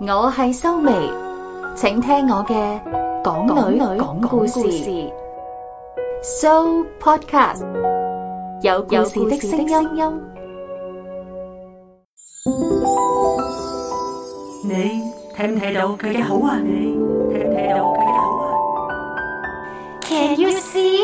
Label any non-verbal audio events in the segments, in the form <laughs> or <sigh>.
我係修眉，請聽我嘅港女講故事，So Podcast 有故事的聲音音，你睇唔睇到佢嘅好啊？你睇唔睇到佢嘅好啊？Can you see?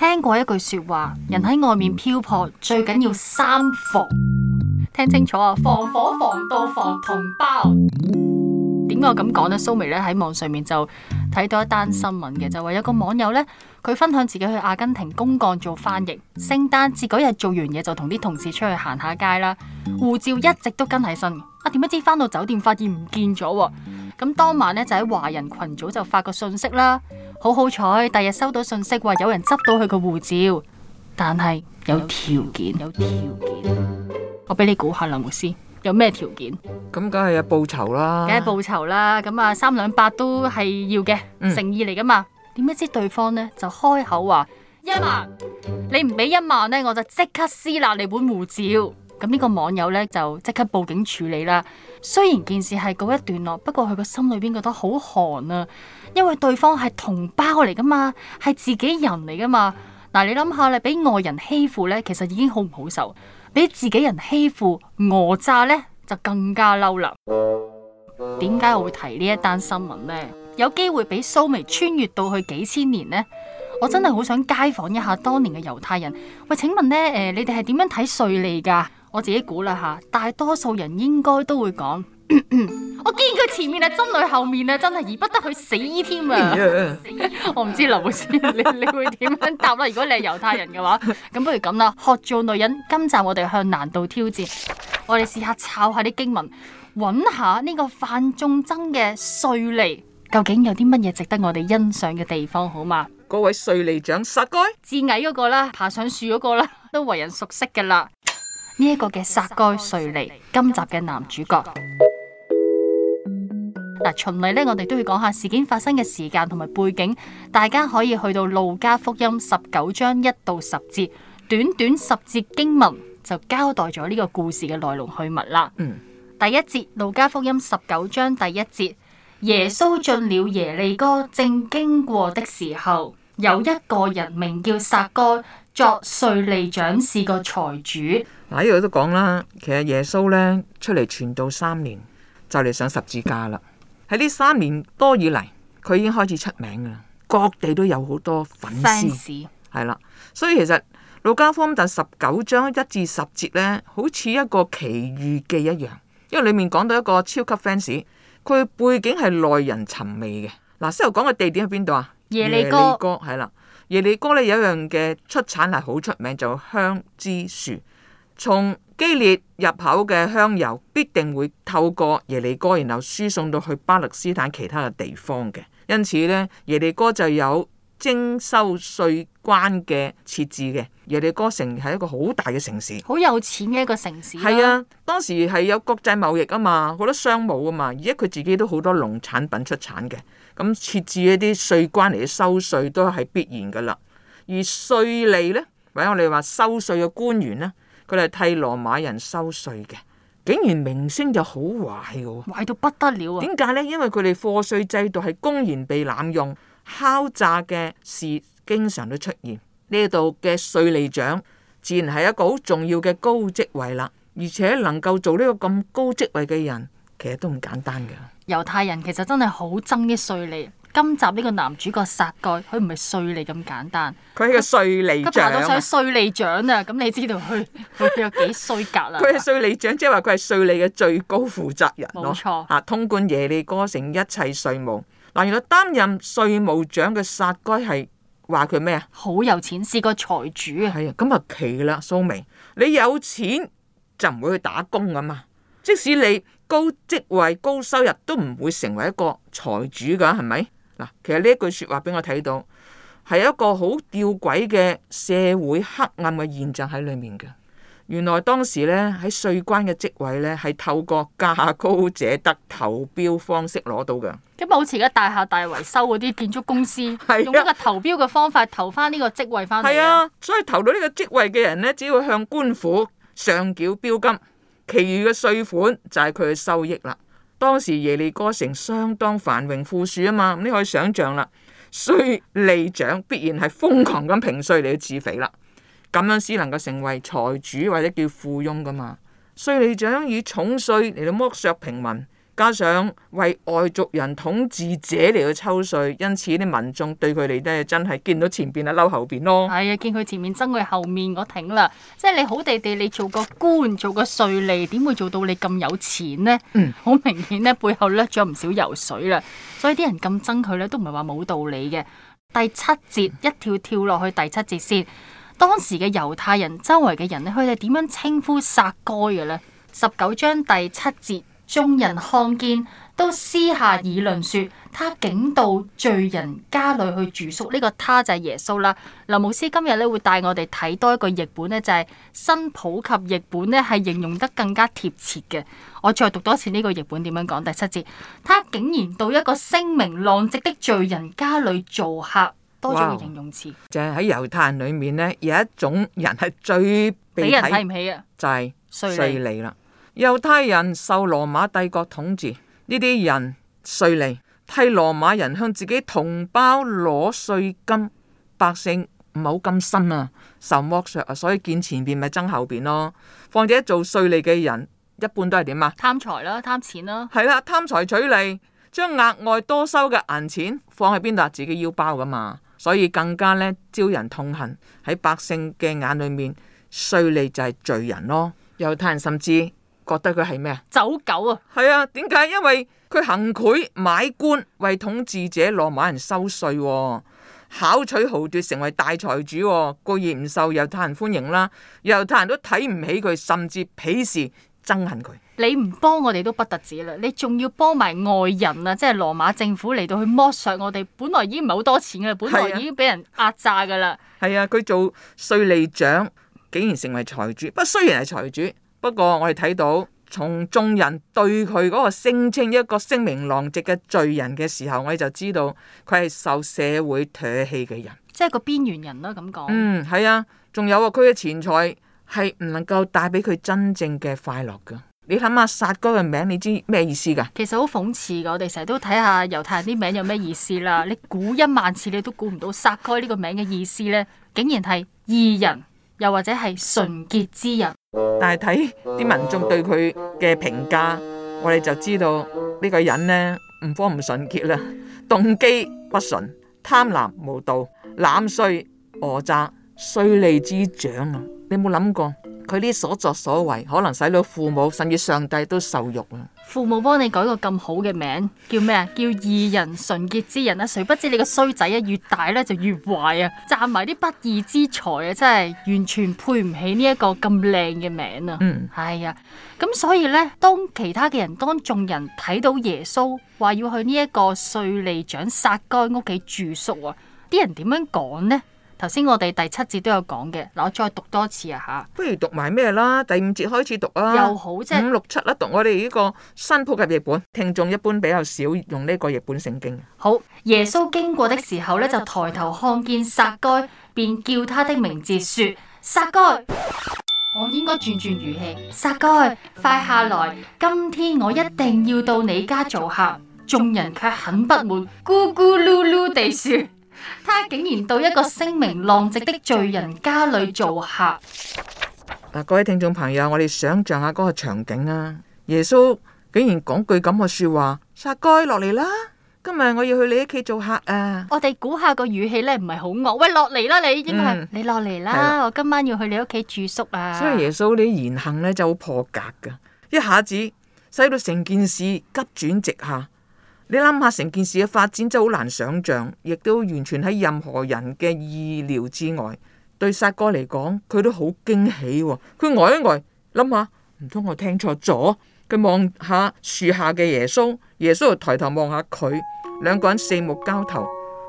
聽過一句說話，人喺外面漂泊最緊要三防，聽清楚啊，防火、防盜、防同胞。點解我咁講呢？蘇眉咧喺網上面就睇到一單新聞嘅，就話有個網友呢，佢分享自己去阿根廷公幹做翻譯，聖誕節嗰日做完嘢就同啲同事出去行下街啦，護照一直都跟喺身，啊點不知返到酒店發現唔見咗。咁當晚咧就喺華人群組就發個信息啦，好好彩，第日收到信息話有人執到佢個護照，但係有條件、件，有條件，我俾你估下啦，牧師有咩條件？咁梗係有報酬啦，梗係報酬啦，咁啊三兩百都係要嘅，誠、嗯、意嚟噶嘛。點解知對方呢？就開口話、嗯、一萬，你唔俾一萬呢，我就即刻撕爛你本護照。咁呢個網友咧就即刻報警處理啦。雖然件事係告一段落，不過佢個心裏邊覺得好寒啊，因為對方係同胞嚟噶嘛，係自己人嚟噶嘛。嗱、啊，你諗下咧，俾外人欺負咧，其實已經好唔好受；俾自己人欺負，訛詐咧就更加嬲啦。點解我會提呢一單新聞呢？有機會俾蘇眉穿越到去幾千年呢？我真係好想街訪一下當年嘅猶太人。喂，請問呢，誒、呃，你哋係點樣睇稅吏？我自己估啦吓，大多數人應該都會講咳咳，我見佢前面係真女，後面啊真係而不得去死添啊！Yeah. <laughs> 我唔知劉老師你你會點樣答啦？如果你係猶太人嘅話，咁不如咁啦，學做女人。今集我哋向難度挑戰，我哋試下抄下啲經文，揾下呢個犯眾憎嘅稅吏，究竟有啲乜嘢值得我哋欣賞嘅地方好嘛？嗰位稅吏長，撒該！至矮嗰、那個啦，爬上樹嗰、那個啦，都為人熟悉噶啦。呢一個嘅撒該稅吏，今集嘅男主角嗱。循例咧，我哋都要講下事件發生嘅時間同埋背景。大家可以去到路加福音十九章一到十節，短短十節經文就交代咗呢個故事嘅來龍去脈啦。嗯，第一節路加福音十九章第一節，耶穌進了耶利哥，正經過的時候，有一個人名叫撒該，作稅吏長，是個財主。嗱，呢度都講啦，其實耶穌呢，出嚟傳道三年就嚟上十字架啦。喺呢三年多以嚟，佢已經開始出名啦，各地都有好多粉 a n 係啦。所以其實《路加方》第十九章一至十節呢，好似一個奇遇記一樣，因為裡面講到一個超級 fans，佢背景係內人尋味嘅嗱。先頭講嘅地點喺邊度啊？耶利哥係啦，耶利哥呢，有一樣嘅出產係好出名，就香脂樹。從基列入口嘅香油必定會透過耶利哥，然後輸送到去巴勒斯坦其他嘅地方嘅。因此呢，耶利哥就有徵收稅關嘅設置嘅。耶利哥城係一個好大嘅城市，好有錢嘅一個城市，啊。係啊，當時係有國際貿易啊嘛，好多商務啊嘛，而且佢自己都好多農產品出產嘅。咁、嗯、設置一啲稅關嚟收稅都係必然噶啦。而稅吏呢，或者我哋話收稅嘅官員呢。佢哋替羅馬人收稅嘅，竟然名聲就好壞喎，啊，壞到不得了啊！點解呢？因為佢哋課稅制度係公然被濫用，敲詐嘅事經常都出現。呢度嘅稅吏長自然係一個好重要嘅高職位啦，而且能夠做呢個咁高職位嘅人，其實都唔簡單嘅。猶太人其實真係好憎啲稅吏。今集呢個男主角撒該，佢唔係稅吏咁簡單，佢係個稅吏長，咁拿到稅吏長啊！咁 <laughs> 你知道佢佢有幾衰格啦？佢係稅吏長，即係話佢係稅吏嘅最高負責人冇錯，吓錯，通管耶利哥城一切稅務。嗱、啊，原來擔任稅務長嘅撒該係話佢咩啊？好有錢，是個財主啊！係啊，咁啊奇啦，蘇明，你有錢就唔會去打工噶嘛？即使你高職位、高收入，都唔會成為一個財主噶，係咪？嗱，其實呢一句説話俾我睇到，係一個好吊詭嘅社會黑暗嘅現象喺裏面嘅。原來當時呢，喺稅關嘅職位呢，係透過價高者得投標方式攞到嘅。咁啊，好似而家大廈大維修嗰啲建築公司，係、 <laughs> 啊、用一個投標嘅方法投翻呢個職位翻嚟啊。所以投到呢個職位嘅人呢，只要向官府上繳標金，其餘嘅稅款就係佢嘅收益啦。當時耶利哥城相當繁榮富庶啊嘛，你可以想象啦，稅吏長必然係瘋狂咁平稅嚟到自肥啦，咁樣先能夠成為財主或者叫富翁噶嘛，稅吏長以重稅嚟到剝削平民。加上為外族人統治者嚟到抽稅，因此啲民眾對佢哋咧真係見到前邊啊嬲後邊咯。係啊，見佢前面憎佢後面，我停啦。即係你好地地，你做個官，做個稅吏，點會做到你咁有錢呢？好、嗯、明顯咧，背後掠咗唔少油水啦。所以啲人咁憎佢咧，都唔係話冇道理嘅。第七節一跳跳落去第七節先。當時嘅猶太人周圍嘅人咧，佢哋點樣稱呼撒該嘅咧？十九章第七節。眾人看見，都私下議論說：他竟到罪人家裏去住宿。呢、這個他就係耶穌啦。劉牧師今日咧會帶我哋睇多一個譯本咧，就係、是、新普及譯本咧，係形容得更加貼切嘅。我再讀多次呢個譯本點樣講第七節：他竟然到一個聲名狼藉的罪人家裏做客，多咗個形容詞。就係喺猶太人裏面咧，有一種人係最俾人睇唔起嘅、啊，就係稅吏啦。猶太人受羅馬帝國統治，呢啲人稅吏替羅馬人向自己同胞攞稅金，百姓唔好咁深啊，受剝削啊，所以見前邊咪爭後邊咯。況且做稅吏嘅人一般都係點啊？貪財啦，貪錢啦，係啦、啊，貪財取利，將額外多收嘅銀錢放喺邊度啊？自己腰包噶嘛，所以更加呢，招人痛恨喺百姓嘅眼裏面，稅吏就係罪人咯。猶太人甚至。覺得佢係咩啊？走狗啊！係啊，點解？因為佢行賄買官，為統治者羅馬人收稅，啊，巧取豪奪，成為大財主，啊。固然唔受，猶太人歡迎啦，啊，猶太人都睇唔起佢，甚至鄙視憎恨佢。你唔幫我哋都不特止啦，你仲要幫埋外人啊！即係羅馬政府嚟到去剝削我哋，本來已經唔係好多錢嘅，本來已經俾人壓榨噶啦。係啊，佢，啊，做稅吏長，竟然成為財主。不過雖然係財主。不過我哋睇到，從眾人對佢嗰個聲稱一個聲名狼藉嘅罪人嘅時候，我哋就知道佢係受社會唾棄嘅人，即係個邊緣人咯、啊。咁講，嗯，係啊，仲有啊，佢嘅錢財係唔能夠帶俾佢真正嘅快樂噶。你諗下撒該嘅名，你知咩意思噶？其實好諷刺噶，我哋成日都睇下猶太人啲名有咩意思啦。你估一萬次你都估唔到撒該呢個名嘅意思呢，竟然係義人，又或者係純潔之人。但係睇啲民眾對佢嘅評價，我哋就知道呢個人呢唔方唔純潔啦，動機不純，貪婪無道，濫稅訛詐，衰利之長啊！你冇諗過佢啲所作所為，可能使到父母甚至上帝都受辱啊！父母幫你改個咁好嘅名，叫咩啊？叫義人、純潔之人啊！誰不知你個衰仔啊，越大咧就越壞啊！賺埋啲不義之財啊，真係完全配唔起呢一個咁靚嘅名啊！嗯，哎呀，咁所以呢，當其他嘅人，當眾人睇到耶穌話要去呢一個稅吏長撒該屋企住宿啊，啲人點樣講呢？頭先我哋第七節都有講嘅，我再讀多一次啊嚇！不如讀埋咩啦？第五節開始讀啊！又好，即係五六七啦，讀我哋呢個。我哋呢個新普及譯本，聽眾一般比較少用呢個譯本聖經。好，耶穌經過的時候咧，就抬頭看見撒該，便叫他的名字，説：撒該，我應該轉轉語氣，撒該，快下來，今天我一定要到你家做客。眾人卻很不滿，咕咕魯魯地説。他竟然到一個聲名狼藉的罪人家裏做客。嗱，各位聽眾朋友，我哋想象下嗰個場景啊。耶穌竟然講句咁嘅說話：撒該落嚟啦，今日我要去你屋企做客啊！我哋估下個語氣咧，唔係好惡，喂，落嚟啦，你，應該係、嗯、你落嚟啦，的我今晚要去你屋企住宿啊！所以耶穌你言行咧就好破格噶，一下子使到成件事急轉直下。你諗下成件事嘅發展真係好難想象，亦都完全喺任何人嘅意料之外。對薩哥嚟講，佢都好驚喜喎。佢呆一呆，諗下唔通我聽錯咗？佢望下樹下嘅耶穌，耶穌又抬頭望下佢，兩個人四目交投。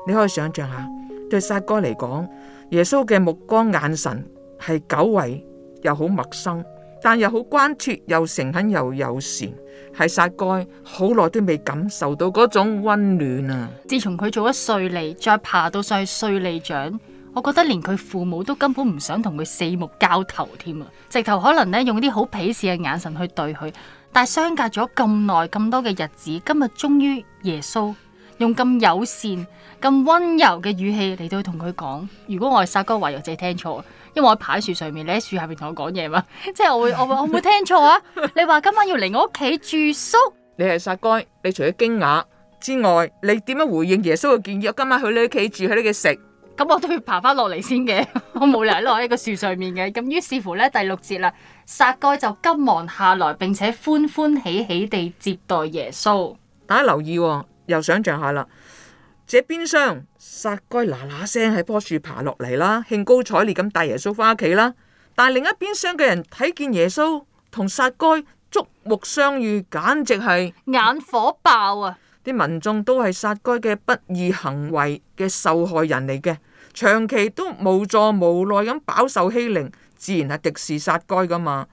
你可以想象下，對薩哥嚟講，耶穌嘅目光眼神係久違又好陌生。但又好關切，又誠懇，又友善，係撒該好耐都未感受到嗰種溫暖啊！自從佢做咗稅吏，再爬到上去稅吏長，我覺得連佢父母都根本唔想同佢四目交投添啊！直頭可能咧用啲好鄙視嘅眼神去對佢，但係相隔咗咁耐咁多嘅日子，今日終於耶穌用咁友善、咁溫柔嘅語氣嚟到同佢講：如果我係撒該，話又自己聽錯。因為我爬喺樹上面，你喺樹下邊同我講嘢嘛，即係我會我我冇聽錯啊？你話今晚要嚟我屋企住宿？ <laughs> 你係撒該，你除咗驚訝之外，你點樣回應耶穌嘅建議？我今晚去你屋企住，喺你嘅食？咁我都要爬翻落嚟先嘅，我冇理由落喺個樹上面嘅。咁於 <laughs> 是乎咧，第六節啦，撒該就急忙下來，並且歡歡喜喜地接待耶穌。大家留意，哦，又想象下啦。這邊廂撒該嗱嗱聲喺棵樹爬落嚟啦，興高采烈咁帶耶穌返屋企啦。但係另一邊廂嘅人睇見耶穌同撒該觸目相遇，簡直係眼火爆啊！啲民眾都係撒該嘅不義行為嘅受害人嚟嘅，長期都無助無奈咁飽受欺凌，自然係敵視撒該噶嘛。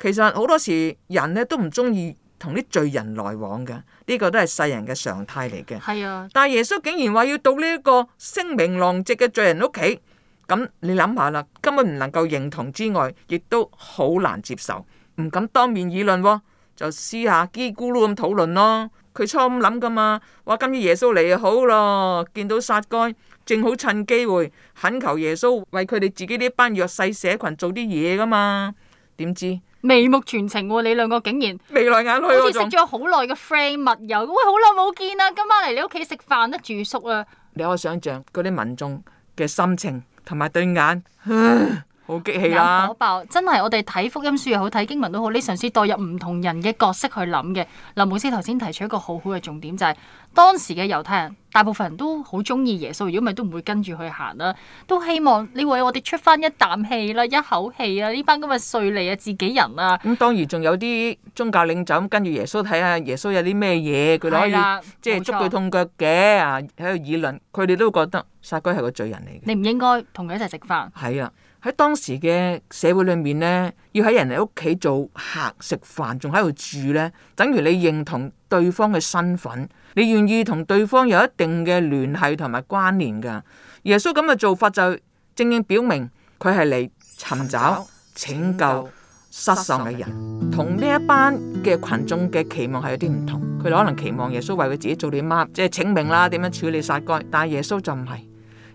其實好多時人呢都唔中意。同啲罪人來往嘅，呢個都係世人嘅常態嚟嘅。係啊，但係耶穌竟然話要到呢一個聲名狼藉嘅罪人屋企，咁你諗下啦，根本唔能夠認同之外，亦都好難接受，唔敢當面議論，哦，就私下嘰咕嚕咁討論咯。佢初咁諗噶嘛，話今次耶穌嚟就好咯，見到撒該，正好趁機會懇求耶穌為佢哋自己呢班弱勢社群做啲嘢噶嘛？點知？眉目全情喎，啊，你兩個竟然眉來眼去，好似識咗好耐嘅 friend，密友。喂，好耐冇見啦，今晚嚟你屋企食飯啦，住宿啦。你可以想象嗰啲民眾嘅心情同埋對眼？啊好激氣啦！眼火爆真係，我哋睇福音書又好，好，睇經文都好，你嘗試代入唔同人嘅角色去諗嘅。林老師頭先提出一個好好嘅重點，就是，就係當時嘅猶太人，大部分人都好中意耶穌，如果咪都唔會跟住去行啦，都希望你為我哋出翻一啖氣啦，一口氣啊！呢班咁嘅稅吏呀，自己人啊，咁、嗯、當然仲有啲宗教領袖跟住耶穌睇下耶穌有啲咩嘢，佢可以的即係捉佢痛腳嘅啊！喺度議論，佢哋都覺得撒該係個罪人嚟嘅。你唔應該同佢一齊食飯。係啊。喺當時嘅社會裏面呢要喺人哋屋企做客食飯，仲喺度住呢等於你認同對方嘅身份，你願意同對方有一定嘅聯繫同埋關聯噶。耶穌咁嘅做法就正正表明佢係嚟尋找拯救失喪嘅人，同呢一班嘅群眾嘅期望係有啲唔同。佢可能期望耶穌為佢自己做啲乜，即係請命啦，點樣處理撒該。但係耶穌就唔係，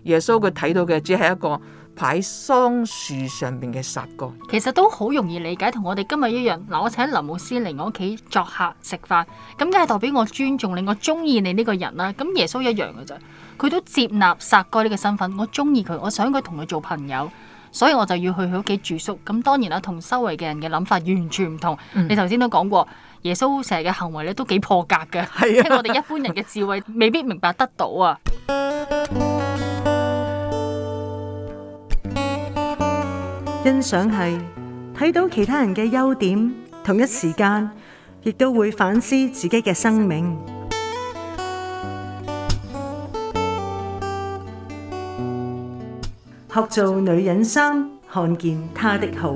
耶穌佢睇到嘅只係一個。排桑樹上邊嘅殺哥，其實都好容易理解，同我哋今日一樣。嗱，我請林牧師嚟我屋企作客食飯，咁梗係代表我尊重你，我中意你呢個人啦。咁耶穌一樣嘅咋，佢都接納殺哥呢個身份，我中意佢，我想佢同佢做朋友，所以我就要去佢屋企住宿。咁當然啦，同周圍嘅人嘅諗法完全唔同。嗯、你頭先都講過，耶穌成日嘅行為咧都幾破格嘅，係啊， <laughs> 即係我哋一般人嘅智慧未必明白得到啊。欣賞係睇到其他人嘅優點，同一時間亦都會反思自己嘅生命。學做女人衫，看見她的好。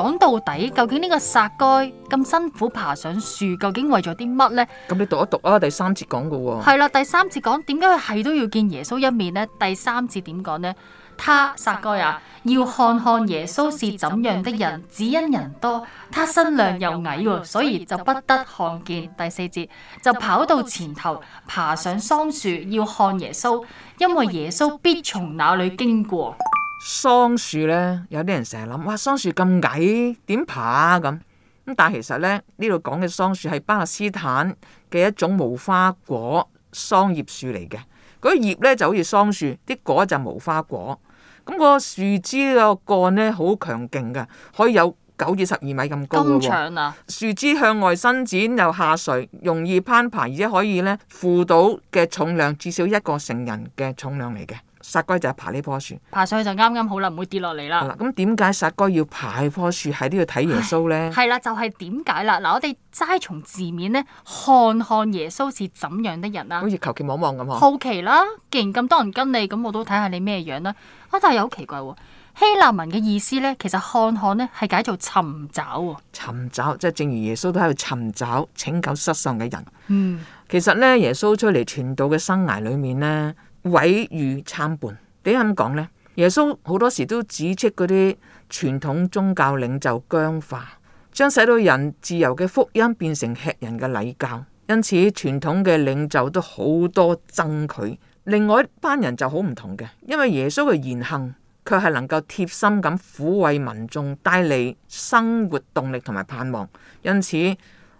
講到底，究竟呢個撒該咁辛苦爬上樹，究竟為咗啲乜呢？咁你讀一讀啊，第三節講嘅喎。係啦，第三節講點解佢係都要見耶穌一面呢？第三節點講呢？他「他撒該啊，要看看耶穌是怎樣的人，只因人多，他身量又矮喎，所以就不得看見。第四節就跑到前頭爬上桑樹要看耶穌，因為耶穌必從那裏經過。桑樹呢，有啲人成日諗，哇！桑樹咁矮，點爬啊？咁咁，但係其實呢，呢度講嘅桑樹係巴勒斯坦嘅一種無花果桑葉樹嚟嘅，嗰葉呢就好似桑樹，啲果就無花果。咁個樹枝個乾呢，好強勁嘅，可以有九至十二米咁高嘅喎。長啊！樹枝向外伸展又下垂，容易攀爬，而且可以呢負到嘅重量至少一個成人嘅重量嚟嘅。撒該就係爬呢棵樹，爬上去就啱啱好啦，唔會跌落嚟啦。咁點解撒該要爬棵樹喺呢度睇耶穌咧？係啦、哎啊，就係點解啦？嗱，我哋齋從字面咧，看看耶穌是怎樣的人啊？好似求其望望咁好奇啦，既然咁多人跟你，咁我都睇下你咩樣啦。啊，但係又好奇怪喎、哦，希臘文嘅意思咧，其實看看咧係解做尋找喎。嗯、尋找，即係正如耶穌都喺度尋找拯救失喪嘅人。嗯，其實咧，耶穌出嚟傳道嘅生涯裏面咧。毀譽參半，點解咁講呢？耶穌好多時都指斥嗰啲傳統宗教領袖僵化，將使到人自由嘅福音變成吃人嘅禮教。因此，傳統嘅領袖都好多憎佢。另外一班人就好唔同嘅，因為耶穌嘅言行卻係能夠貼心咁撫慰民眾，帶嚟生活動力同埋盼望。因此，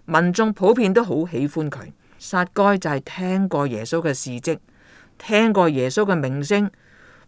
民眾普遍都好喜歡佢。撒該就係聽過耶穌嘅事跡。聽過耶穌嘅名聲，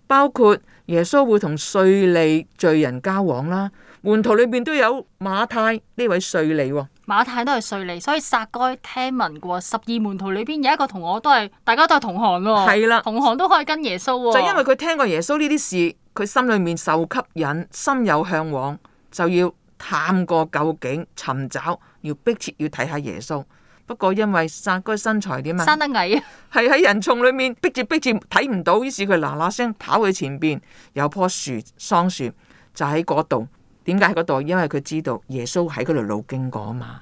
包括耶穌會同稅吏罪人交往啦，門徒裏邊都有馬太呢位稅吏喎、哦，馬太都係稅吏，所以撒該聽聞嘅喎，十二門徒裏邊有一個同我都係，大家都係同行喎、哦，係啦的，同行都可以跟耶穌、哦，就因為佢聽過耶穌呢啲事，佢心裏面受吸引，心有嚮往，就要探個究竟，尋找，要迫切要睇下耶穌。不過因為撒該、那個、身材點啊，生得矮啊，係 <laughs> 喺人叢裏面逼住逼住睇唔到，於是佢嗱嗱聲跑去前邊，有棵樹桑樹就喺嗰度。點解喺嗰度？因為佢知道耶穌喺嗰條路經過啊嘛。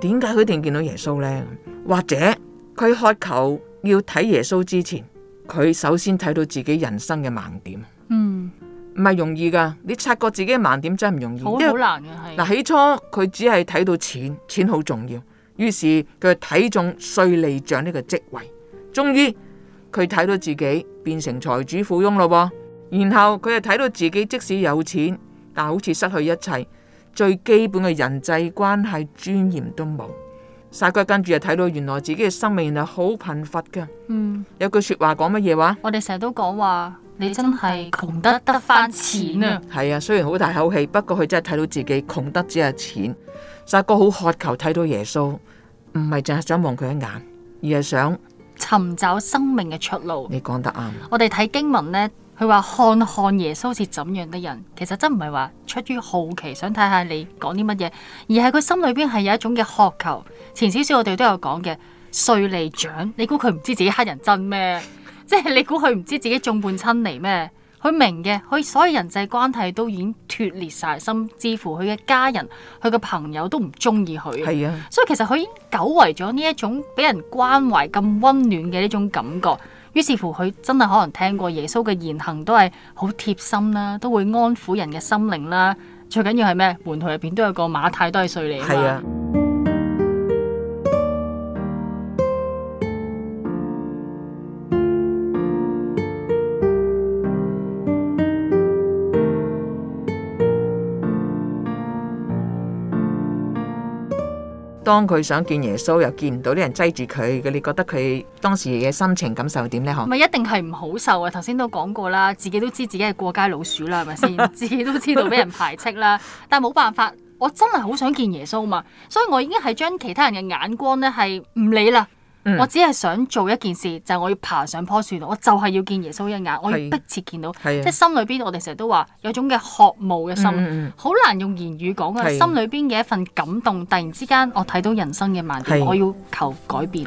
點解佢一定見到耶穌呢？或者佢渴求要睇耶穌之前，佢首先睇到自己人生嘅盲點。嗯。唔係容易噶，你察覺自己嘅盲點真係唔容易。好好很為難嗱，起初佢只係睇到錢，錢好重要，於是佢睇中稅吏長呢個職位。終於佢睇到自己變成財主富翁咯，然後佢又睇到自己即使有錢，但好似失去一切最基本嘅人際關係、尊嚴都冇。晒骨跟住又睇到原來自己嘅生命係好貧乏嘅。嗯，有句說話講乜嘢話？我哋成日都講話。你真係窮得得翻錢啊！係啊，雖然好大口氣，不過佢真係睇到自己窮得只係錢。撒該好渴求睇到耶穌，唔係淨係想望佢一眼，而係想尋找生命嘅出路。你講得啱。我哋睇經文呢，佢話看看，看耶穌是怎樣的人，其實真唔係話出於好奇，想睇下你講啲乜嘢，而係佢心裏邊係有一種嘅渴求。前少少我哋都有講嘅稅吏獎，你估佢唔知自己乞人憎咩？即係你估佢唔知自己眾叛親離咩？佢明嘅，佢所有人際關係都已經脫裂晒。甚至乎佢嘅家人、佢嘅朋友都唔中意佢。係啊，所以其實佢已經久違咗呢一種俾人關懷、咁溫暖嘅呢種感覺。於是乎佢真係可能聽過耶穌嘅言行都係好貼心啦，都會安撫人嘅心靈啦。最緊要係咩？門徒入邊都有個馬太都係稅吏。係啊。當佢想見耶穌，又見唔到啲人擠住佢嘅，你覺得佢當時嘅心情感受點咧？唔係一定係唔好受啊！頭先都講過啦，自己都知自己係過街老鼠啦，係咪先？自己都知道俾 <laughs> 人排斥啦，但係冇辦法，我真係好想見耶穌嘛，所以我已經係將其他人嘅眼光咧係唔理啦。嗯、我只係想做一件事，就係、我要爬上棵樹，我就係要見耶穌一眼，我要迫切見到，是即係心裏邊我哋成日都話有種嘅渴慕嘅心，好、嗯、難用言語講。是心裏邊嘅一份感動，突然之間我睇到人生嘅盲點，是我要求改變。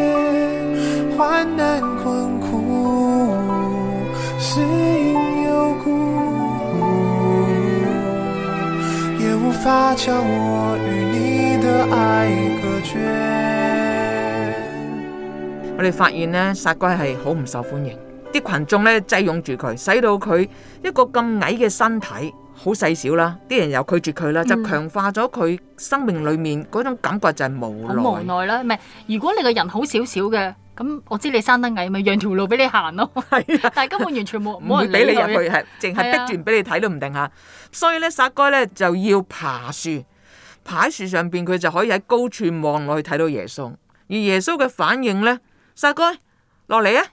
我哋發現呢殺龜係好唔受歡迎，啲群眾咧擠擁住佢，使到佢一個咁矮嘅身體好細小，小啦，啲人又拒絕佢啦，就強化咗佢生命裏面嗰種感覺就係無奈。好無奈啦，唔係，如果你個人好少少嘅。咁、嗯、我知你生得矮，咪讓條路俾你行咯。係啊，但係根本完全冇人 <laughs> 會俾你入去，係淨係逼住唔俾你睇都唔定吓。 <laughs> 所以咧，撒該咧就要爬樹，爬喺樹上邊，佢就可以喺高處望落去睇到耶穌。而耶穌嘅反應咧，撒該落嚟啊，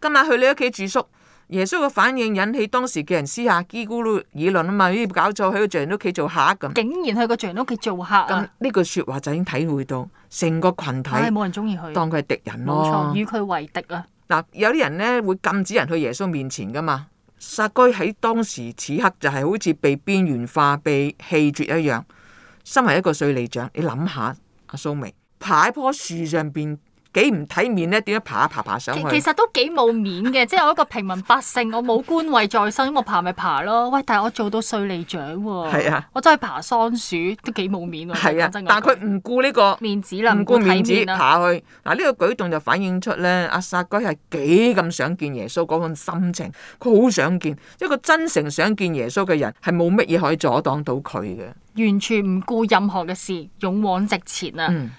今晚去你屋企住宿。耶穌嘅反應引起當時嘅人私下嘰咕嚕議論啊嘛，呢搞錯，喺個象人屋企做客咁。竟然去個象人屋企做客啊！呢句、這個、說話就已經體會到成個群體，係冇人中意佢，當佢係敵人咯。與佢為敵啊！嗱、啊，有啲人咧會禁止人去耶穌面前噶嘛。撒居喺當時此刻就係好似被邊緣化、被棄絕一樣，身為一個稅吏長。你諗下，阿、啊、蘇眉，爬喺棵樹上邊。幾唔體面咧？點樣爬啊爬爬上去？其實都幾冇面嘅， <laughs> 即係我一個平民百姓，我冇官位在身，我爬咪爬咯。喂，但係我做到稅吏長喎。係啊，啊我真係爬桑樹都幾冇面。係啊，正但係佢唔顧呢、這個面子啦，唔顧，顧面子爬去。嗱，呢個舉動就反映出咧，阿撒該係幾咁想見耶穌嗰份心情。佢好想見，就是、一個真誠想見耶穌嘅人，係冇乜嘢可以阻擋到佢嘅。完全唔顧任何嘅事，勇往直前啊！嗯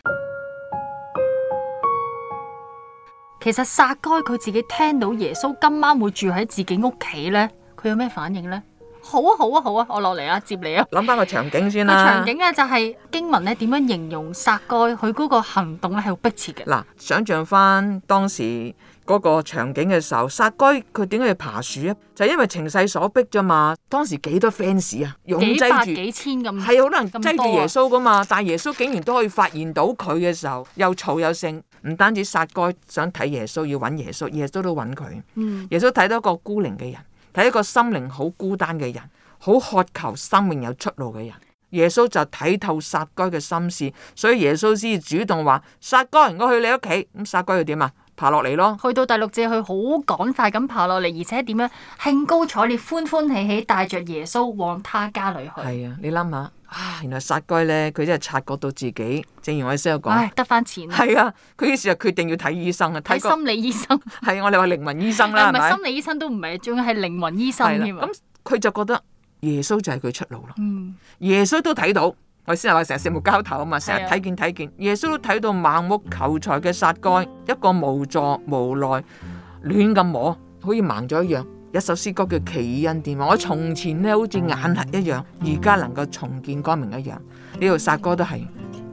其實撒該佢自己聽到耶穌今晚會住喺自己屋企咧，佢有咩反應咧？好啊，好啊，好啊，我落嚟啊，接你啊！諗翻個場景先啦。場個，個場景咧就係經文咧點樣形容撒該佢嗰個行動咧係好迫切嘅。嗱，想象翻當時嗰個場景嘅時候，撒該佢點解要爬樹啊？就係、因為情勢所逼啫嘛。當時幾多 fans 啊？擠住幾，幾千咁，係好多人擠住耶穌噶嘛？但係耶穌竟然都可以發現到佢嘅時候，又嘈又盛。唔單止殺哥想睇耶穌，要揾耶穌，耶穌都揾佢。嗯、耶穌睇到一個孤零嘅人，睇一個心靈好孤單嘅人，好渴求生命有出路嘅人。耶穌就睇透殺哥嘅心思，所以耶穌先至主動話：殺哥，我去你屋企，咁殺哥佢點啊？爬落嚟咯。去到第六節，佢好趕快咁爬落嚟，而且點樣興高采烈、歡歡喜喜，帶着耶穌往他家裏去。係啊，你諗下。啊！原來撒該咧，佢真係察覺到自己。正如我師友講，得翻錢。係啊，佢於是就決定要睇醫生啊，睇心理醫生。係、 <laughs> 啊、我哋話靈魂醫生啦，唔係心理醫生都唔係，仲要係靈魂醫生咁佢、啊、就覺得耶穌就係佢出路啦。嗯、耶穌都睇到，我師友話成日食木膠頭啊嘛，成日睇見睇見，耶穌都睇到盲目求財嘅撒該，嗯、一個無助無奈，亂咁摸，好似盲咗一樣。一首詩歌叫《奇異恩典》，我從前咧好似眼黑一樣，而家能夠重見光明一樣。呢度撒哥都係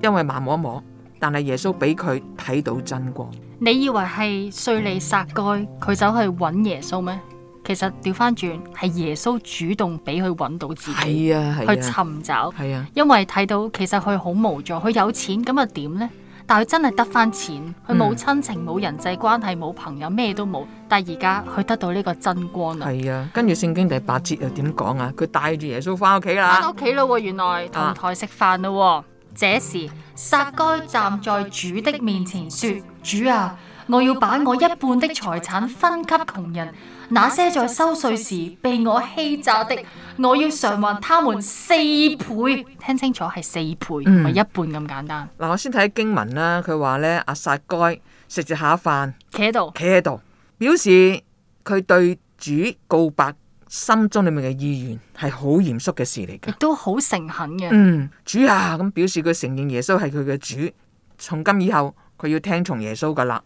因為盲摸一摸，但係耶穌俾佢睇到真光。你以為係稅吏撒該，佢走去揾耶穌咩？其實調翻轉係耶穌主動俾佢揾到自己，係啊，啊去尋找，係啊，啊因為睇到其實佢好無助，佢有錢咁又點呢？但佢真係得翻錢，佢冇親情、冇、嗯、人際關係、冇朋友，咩都冇。但係而家佢得到呢個真光啦。係啊，跟住聖經第八節又點講啊？佢帶住耶穌翻屋企啦，翻屋企啦。原來同台食飯啦。啊、這時撒該站在主的面前說：啊主啊。我要把我一半的財產分給窮人，那些在收稅時被我欺詐的，我要償還他們四倍。聽清楚，係四倍，唔係、嗯、一半咁簡單。嗱、嗯，我先睇經文啦。佢話咧，阿撒該食住下飯，企喺度，企喺度，表示佢對主告白心中裏面嘅意願係好嚴肅嘅事嚟嘅，亦都好誠懇嘅。嗯，主啊，咁表示佢承認耶穌係佢嘅主，從今以後佢要聽從耶穌噶啦。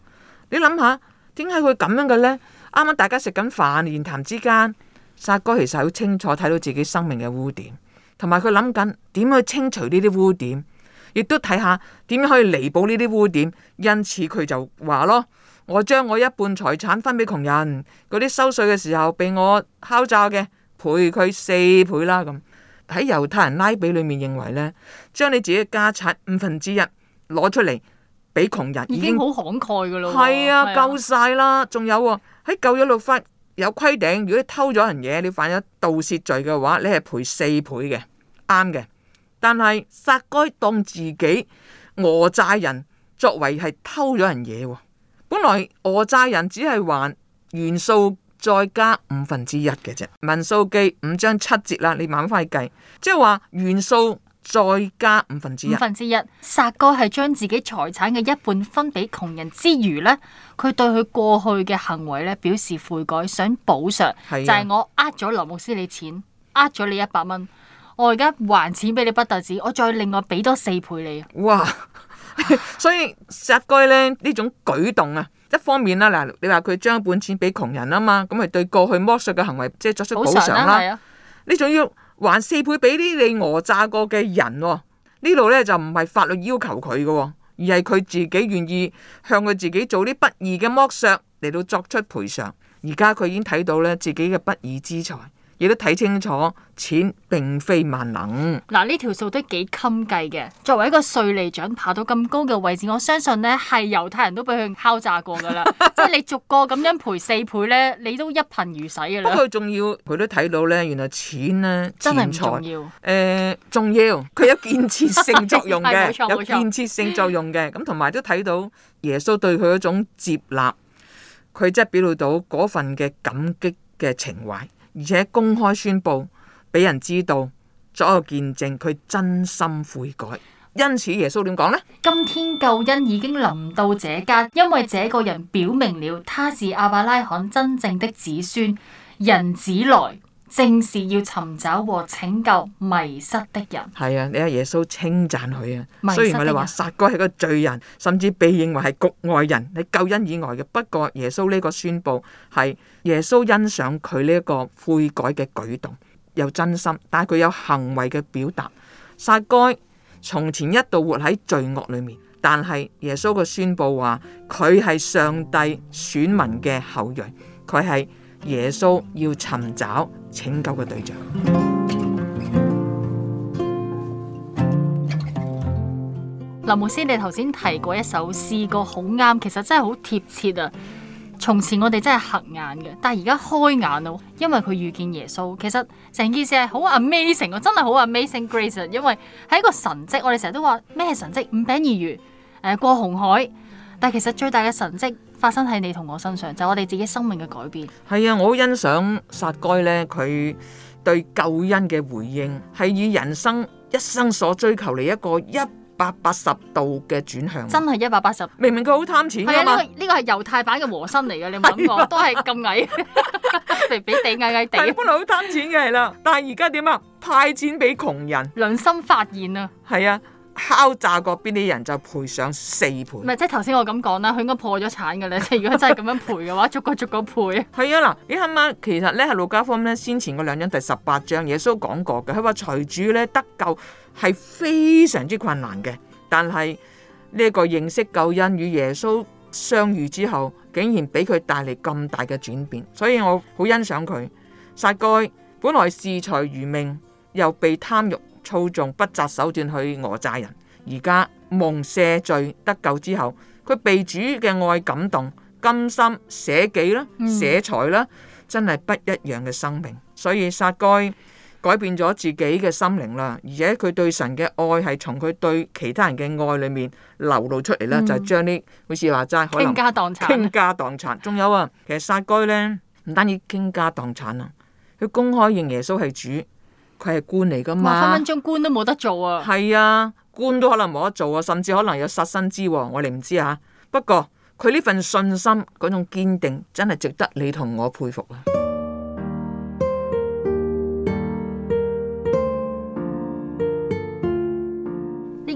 你諗下，點解會咁樣嘅呢？啱啱大家食緊飯，言談之間，薩哥其實好清楚睇到自己生命嘅污點，同埋佢諗緊點去清除呢啲污點，亦都睇下點可以彌補呢啲污點。因此佢就話咯，我將我一半財產分俾窮人，嗰啲收稅嘅時候被我敲詐嘅，賠佢四倍啦。咁喺猶太人拉比裏面認為呢，將你自己嘅家產五分之一攞出嚟。俾窮人已經好慷慨㗎喇，係啊，夠晒啦，仲有喎，啊，喺舊約律法有規定，如果你偷咗人嘢，你犯咗盜竊罪嘅話，你係賠四倍嘅，啱嘅。但係撒該當自己訛詐人，作為係偷咗人嘢喎，本來訛詐人只係還原數再加五分之一嘅啫，《民數記》五章七節啦，你慢慢翻計，即係話原數。元再加五分之一，五分之一。撒該係將自己財產嘅一半分俾窮人之餘呢佢對佢過去嘅行為咧表示悔改，想補償，是啊、就係我呃咗劉牧師，你錢，呃咗你一百蚊，我而家還錢俾你不特止？我再另外俾多四倍你啊！哇！所以撒該咧呢種舉動啊，一方面啦，嗱，你話佢將一半錢俾窮人啊嘛，咁係對過去剝削嘅行為即係作出補償啦，呢種要。啊還四倍俾啲你訛詐過嘅人喎，呢度呢，就唔係法律要求佢嘅，而係佢自己願意向佢自己做啲不義嘅剝削嚟到作出賠償。而家佢已經睇到呢自己嘅不義之財。亦都睇清楚，錢並非萬能。嗱，呢條數都幾襟計嘅。作為一個稅吏長爬，爬到咁高嘅位置，我相信咧係猶太人都俾佢敲詐過噶啦。 <laughs> 即係你逐個咁樣賠四倍咧，你都一貧如洗噶啦。不過佢仲 <laughs> 要，佢都睇到咧，原來錢咧真係唔重要。誒、呃，重要，佢有建設性作用嘅， <laughs> 有建設性作用嘅。咁同埋都睇到耶穌對佢一種接納，佢即係表露到嗰份嘅感激嘅情懷。而且公開宣布俾人知道，作為見證，佢真心悔改。因此耶穌點講呢？今天救恩已經臨到這家，因為這個人表明了他是亞伯拉罕真正的子孫，人子來正是要尋找和拯救迷失的人。係啊，你阿耶穌稱讚佢啊。雖然佢話撒該係個罪人，甚至被認為係局外人，係救恩以外嘅。不過耶穌呢個宣佈係。耶穌欣賞佢呢一個悔改嘅舉動，又真心，但係佢有行為嘅表達。撒該從前一度活喺罪惡裏面，但係耶穌嘅宣布話佢係上帝選民嘅後裔，佢係耶穌要尋找拯救嘅對象。林牧師，你頭先提過一首詩，這個好啱，其實真係好貼切啊！從前我哋真係瞎眼嘅，但係而家開眼咯，因為佢遇見耶穌。其實成件事係好 amazing，我真係好 amazing grace，因為係一個神蹟。我哋成日都話咩神蹟？五餅二魚，誒過紅海。但係其實最大嘅神蹟發生喺你同我身上，就係我哋自己生命嘅改變。係啊，我好欣賞撒該咧，佢對救恩嘅回應係以人生一生所追求嚟一個一百八十度嘅轉向，真係一百八十。明明佢好貪錢嘅、啊、嘛。呢、這個呢、這個係猶太版嘅和珅嚟嘅，你有冇諗過、啊、都係咁矮，肥肥地矮矮地。本來好貪錢嘅係啦，但係而家點啊？派錢俾窮人，良心發現啊！係啊，敲詐過邊啲人就賠上四倍。唔係即係頭先我咁講啦，佢應該破咗產㗎啦。即如果真係咁樣賠嘅話， <laughs> 逐個逐個賠。係啊嗱，你啱啱其實咧喺路加福音咧先前嗰兩章第十八章耶穌講過嘅，佢話財主咧得救，係非常之困難嘅，但係呢個認識救恩與耶穌相遇之後，竟然俾佢帶嚟咁大嘅轉變，所以我好欣賞佢。撒該本來視財如命，又被貪慾操縱，不擇手段去訛詐人。而家蒙赦罪得救之後，佢被主嘅愛感動，甘心捨己啦，捨財啦，真係不一樣嘅生命。所以撒該。改變咗自己嘅心靈啦，而且佢對神嘅愛係從佢對其他人嘅愛裏面流露出嚟啦，嗯、就將啲好似話齋，可能，傾家蕩產，傾家蕩產。仲 <laughs> 有啊，其實撒該呢，唔單止傾家蕩產啊，佢公開認耶穌係主，佢係官嚟噶嘛，分分鐘官都冇得做啊。係啊，官都可能冇得做啊，甚至可能有殺身之禍，我哋唔知吓、啊。不過佢呢份信心嗰種堅定，真係值得你同我佩服啊！.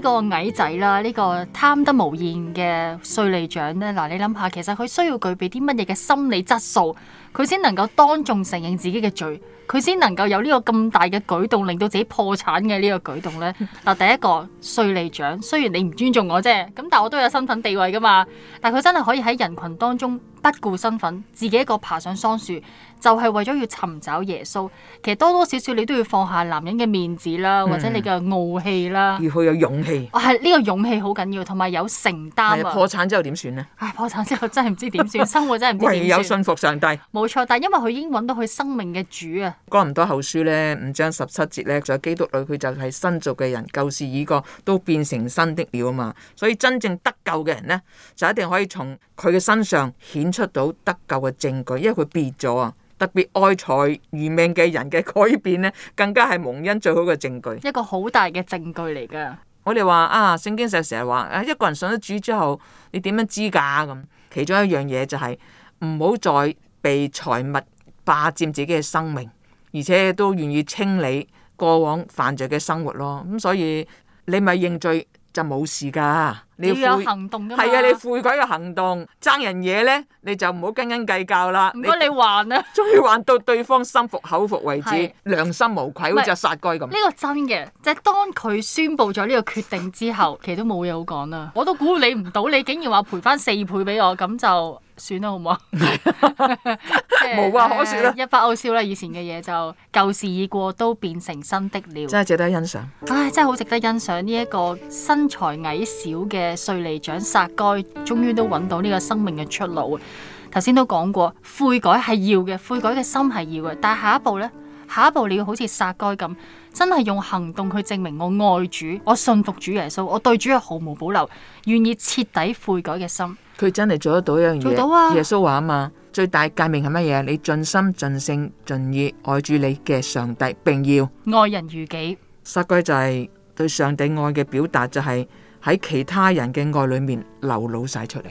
呢個矮仔啦，呢、這個貪得無厭嘅稅吏長咧，嗱，你諗下，其實佢需要具備啲乜嘢嘅心理質素，佢先能夠當眾承認自己嘅罪。佢先能夠有呢個咁大嘅舉動，令到自己破產嘅呢個舉動咧。嗱， <laughs> 第一個稅吏長，雖然你唔尊重我啫，咁但我都有身份地位㗎嘛。但係佢真係可以喺人群當中不顧身份，自己一個爬上桑樹，就係、是、為咗要尋找耶穌。其實多多少少你都要放下男人嘅面子啦，嗯、或者你嘅傲氣啦。而佢有勇氣。哦、啊，呢、這個勇氣好緊要，同埋有，有承擔、啊。破產之後點算咧？破產之後真係唔知點算， <laughs> 生活真係唔知點算。唯有信服上帝。冇但 錯，但係因為佢已經揾到佢生命嘅主啊。哥林多後書呢，五章十七節咧，就基督徒佢就係新造嘅人，舊事已過，都變成新的了嘛。所以真正得救嘅人呢，就一定可以從佢嘅身上顯出到得救嘅證據，因為佢變咗啊。特別愛財如命嘅人嘅改變呢，更加係蒙恩最好嘅證據，一個好大嘅證據嚟噶。我哋話啊，聖經就成日話啊，一個人信咗主之後，你點樣知㗎咁？其中一樣嘢就係唔好再被財物霸佔自己嘅生命。而且都願意清理過往犯罪嘅生活咯，咁、嗯、所以你咪認罪就冇事㗎。要有行動噶嘛？係啊，你悔改嘅行動爭人嘢咧，你就唔好斤斤計較啦。唔該，你還啊？終於還到對方心服口服為止，是良心無愧，好似只殺雞咁。呢、這個真嘅，即、就、係、是、當佢宣布咗呢個決定之後， <laughs> 其實都冇嘢好講啦。我都估你唔到，你竟然話賠翻四倍俾我，咁就算啦，好唔好啊？ <laughs> <laughs> <laughs> 無話可説啦！一筆勾銷啦！以前嘅嘢就舊事已過，都變成新的了。真係值得欣賞。 <laughs> 唉，真係好值得欣賞呢一個身材矮小嘅。稅吏長撒該，終於都揾到呢個生命嘅出路。頭先都講過，悔改係要嘅，悔改嘅心係要嘅。但係下一步呢？下一步你要好似撒該咁，真係用行動去證明我愛主，我信服主耶穌，我對主係毫無保留，願意徹底悔改嘅心。佢真係做得到一樣嘢，做到啊。耶穌話啊嘛，最大誡命係乜嘢？你盡心盡性盡意愛主你嘅上帝，並要愛人如己。撒該就係對上帝愛嘅表達，就係、是。喺其他人嘅愛裏面流露晒出嚟。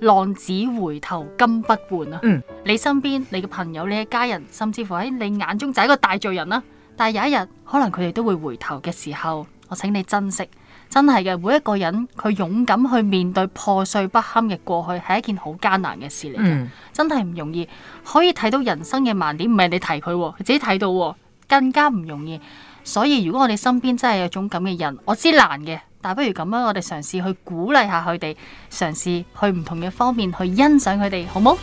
浪子回頭金不換啊！嗯，你身邊你嘅朋友，你嘅家人，甚至乎喺你眼中就係一個大罪人啦。但係有一日可能佢哋都會回頭嘅時候，我請你珍惜。真係嘅，每一個人佢勇敢去面對破碎不堪嘅過去，係一件好艱難嘅事嚟嘅。嗯、真係唔容易，可以睇到人生嘅盲點，唔係你提佢，自己睇到，更加唔容易。所以如果我哋身邊真係有種咁嘅人，我知難嘅，但不如咁樣，我哋嘗試去鼓勵下佢哋，嘗試去唔同嘅方面去欣賞佢哋，好冇？